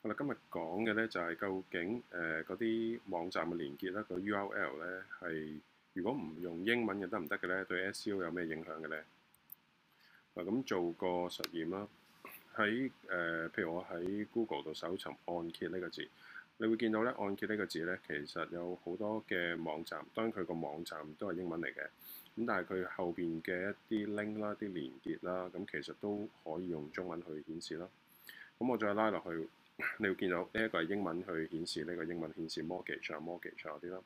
好啦，今日講嘅咧就係究竟誒嗰啲網站嘅連結咧，個 URL 咧係如果唔用英文，又得唔得嘅咧？對 SEO 有咩影響嘅咧？嗱，咁做個實驗啦，喺誒，譬如我喺 Google 度搜尋按揭呢個字，你會見到咧，按揭呢個字咧其實有好多嘅網站，當然佢個網站都係英文嚟嘅，咁但係佢後邊嘅一啲 link 啦、啲連結啦，咁其實都可以用中文去顯示啦。咁我再拉落去。你會見到呢一個係英文去顯示呢個英文顯示 mortgage 啊 mortgage 嗰啲啦，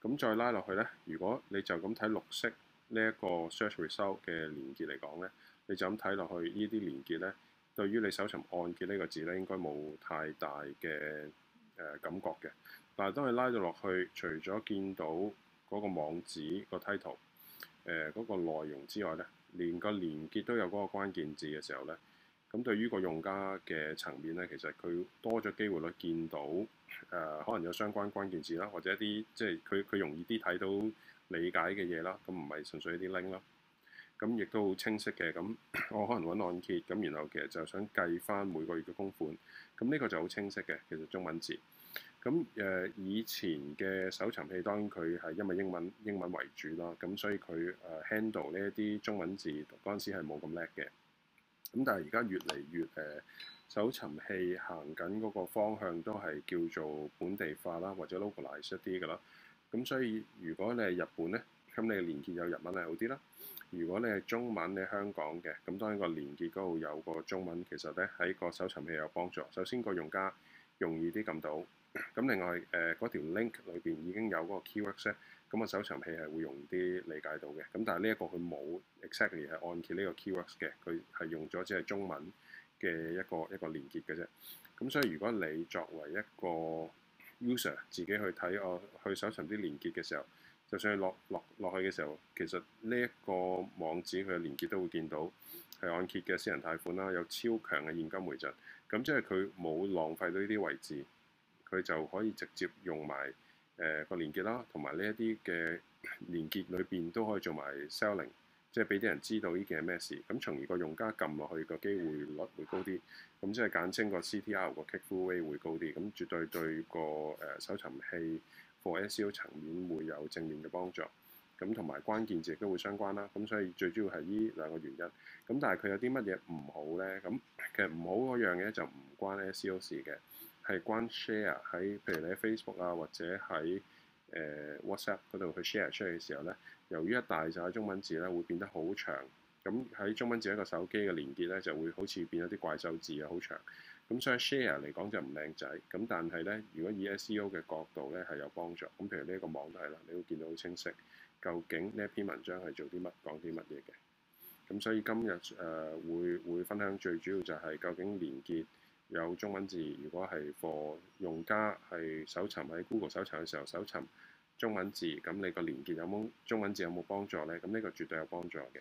咁再拉落去咧，如果你就咁睇綠色呢一個 search result 嘅連結嚟講咧，你就咁睇落去呢啲連結咧，對於你搜尋按揭呢個字咧，應該冇太大嘅誒、呃、感覺嘅。但係當你拉到落去，除咗見到嗰個網址個 title，誒、呃、嗰個內容之外咧，連個連結都有嗰個關鍵字嘅時候咧。咁對於個用家嘅層面咧，其實佢多咗機會率見到誒、呃，可能有相關關鍵字啦，或者一啲即係佢佢容易啲睇到理解嘅嘢啦。咁唔係純粹一啲 link 啦，咁亦都好清晰嘅。咁我可能揾按揭咁，然後其實就想計返每個月嘅供款。咁呢個就好清晰嘅，其實中文字咁誒、呃。以前嘅搜尋器當然佢係因為英文英文為主啦，咁所以佢誒、呃、handle 呢一啲中文字嗰陣時係冇咁叻嘅。咁但係而家越嚟越誒、呃、搜尋器行緊嗰個方向都係叫做本地化啦，或者 localize 一啲嘅啦。咁所以如果你係日本呢，咁你連結有日文係好啲啦。如果你係中文，你香港嘅，咁當然個連結嗰度有個中文，其實呢，喺個搜尋器有幫助。首先個用家容易啲撳到。咁另外誒，嗰條 link 裏邊已經有嗰個 keywords 咧，咁我搜尋器係會用啲理解到嘅。咁但係呢一個佢冇 exactly 係按揭呢個 keyword 嘅，佢係用咗只係中文嘅一個一個連結嘅啫。咁所以如果你作為一個 user 自己去睇我去搜尋啲連結嘅時候，就算落落落去嘅時候，其實呢一個網址佢嘅連結都會見到係按揭嘅私人貸款啦，有超強嘅現金回贈。咁即係佢冇浪費到呢啲位置。佢就可以直接用埋誒、呃、個連結啦，同埋呢一啲嘅連結裏邊都可以做埋 selling，即係俾啲人知道呢件係咩事。咁從而個用家撳落去個機會率會高啲，咁即係簡稱個 CTR 個 click through rate 會高啲。咁絕對對、個誒、呃、搜尋器 for SEO 層面會有正面嘅幫助。咁同埋關鍵字亦都會相關啦。咁所以最主要係呢兩個原因。咁但係佢有啲乜嘢唔好咧？咁其實唔好嗰樣嘢就唔關咧 SEO 事嘅。係關於 share 喺，譬如你喺 Facebook 啊，或者喺誒、呃、WhatsApp 嗰度去 share, share 出嚟嘅時候咧，由於一大拃中文字咧，會變得好長。咁喺中文字一個手機嘅連結咧，就會好似變咗啲怪獸字啊，好長。咁所以 share 嚟講就唔靚仔。咁但係咧，如果以 SEO 嘅角度咧係有幫助。咁譬如呢一個網睇啦，你會見到好清晰，究竟呢一篇文章係做啲乜，講啲乜嘢嘅。咁所以今日誒、呃、會會分享最主要就係究竟連結。有中文字，如果係 for 用家係搜尋喺 Google 搜尋嘅時候，搜尋中文字，咁你個連結有冇中文字有冇幫助呢？咁呢個絕對有幫助嘅。